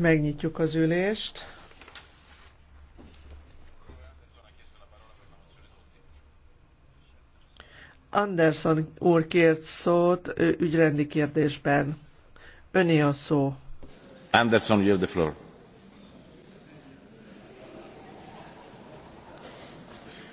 Megnyitjuk az ülést. Anderson úr kért szót ügyrendi kérdésben. Öné a szó. Anderson, you have the floor.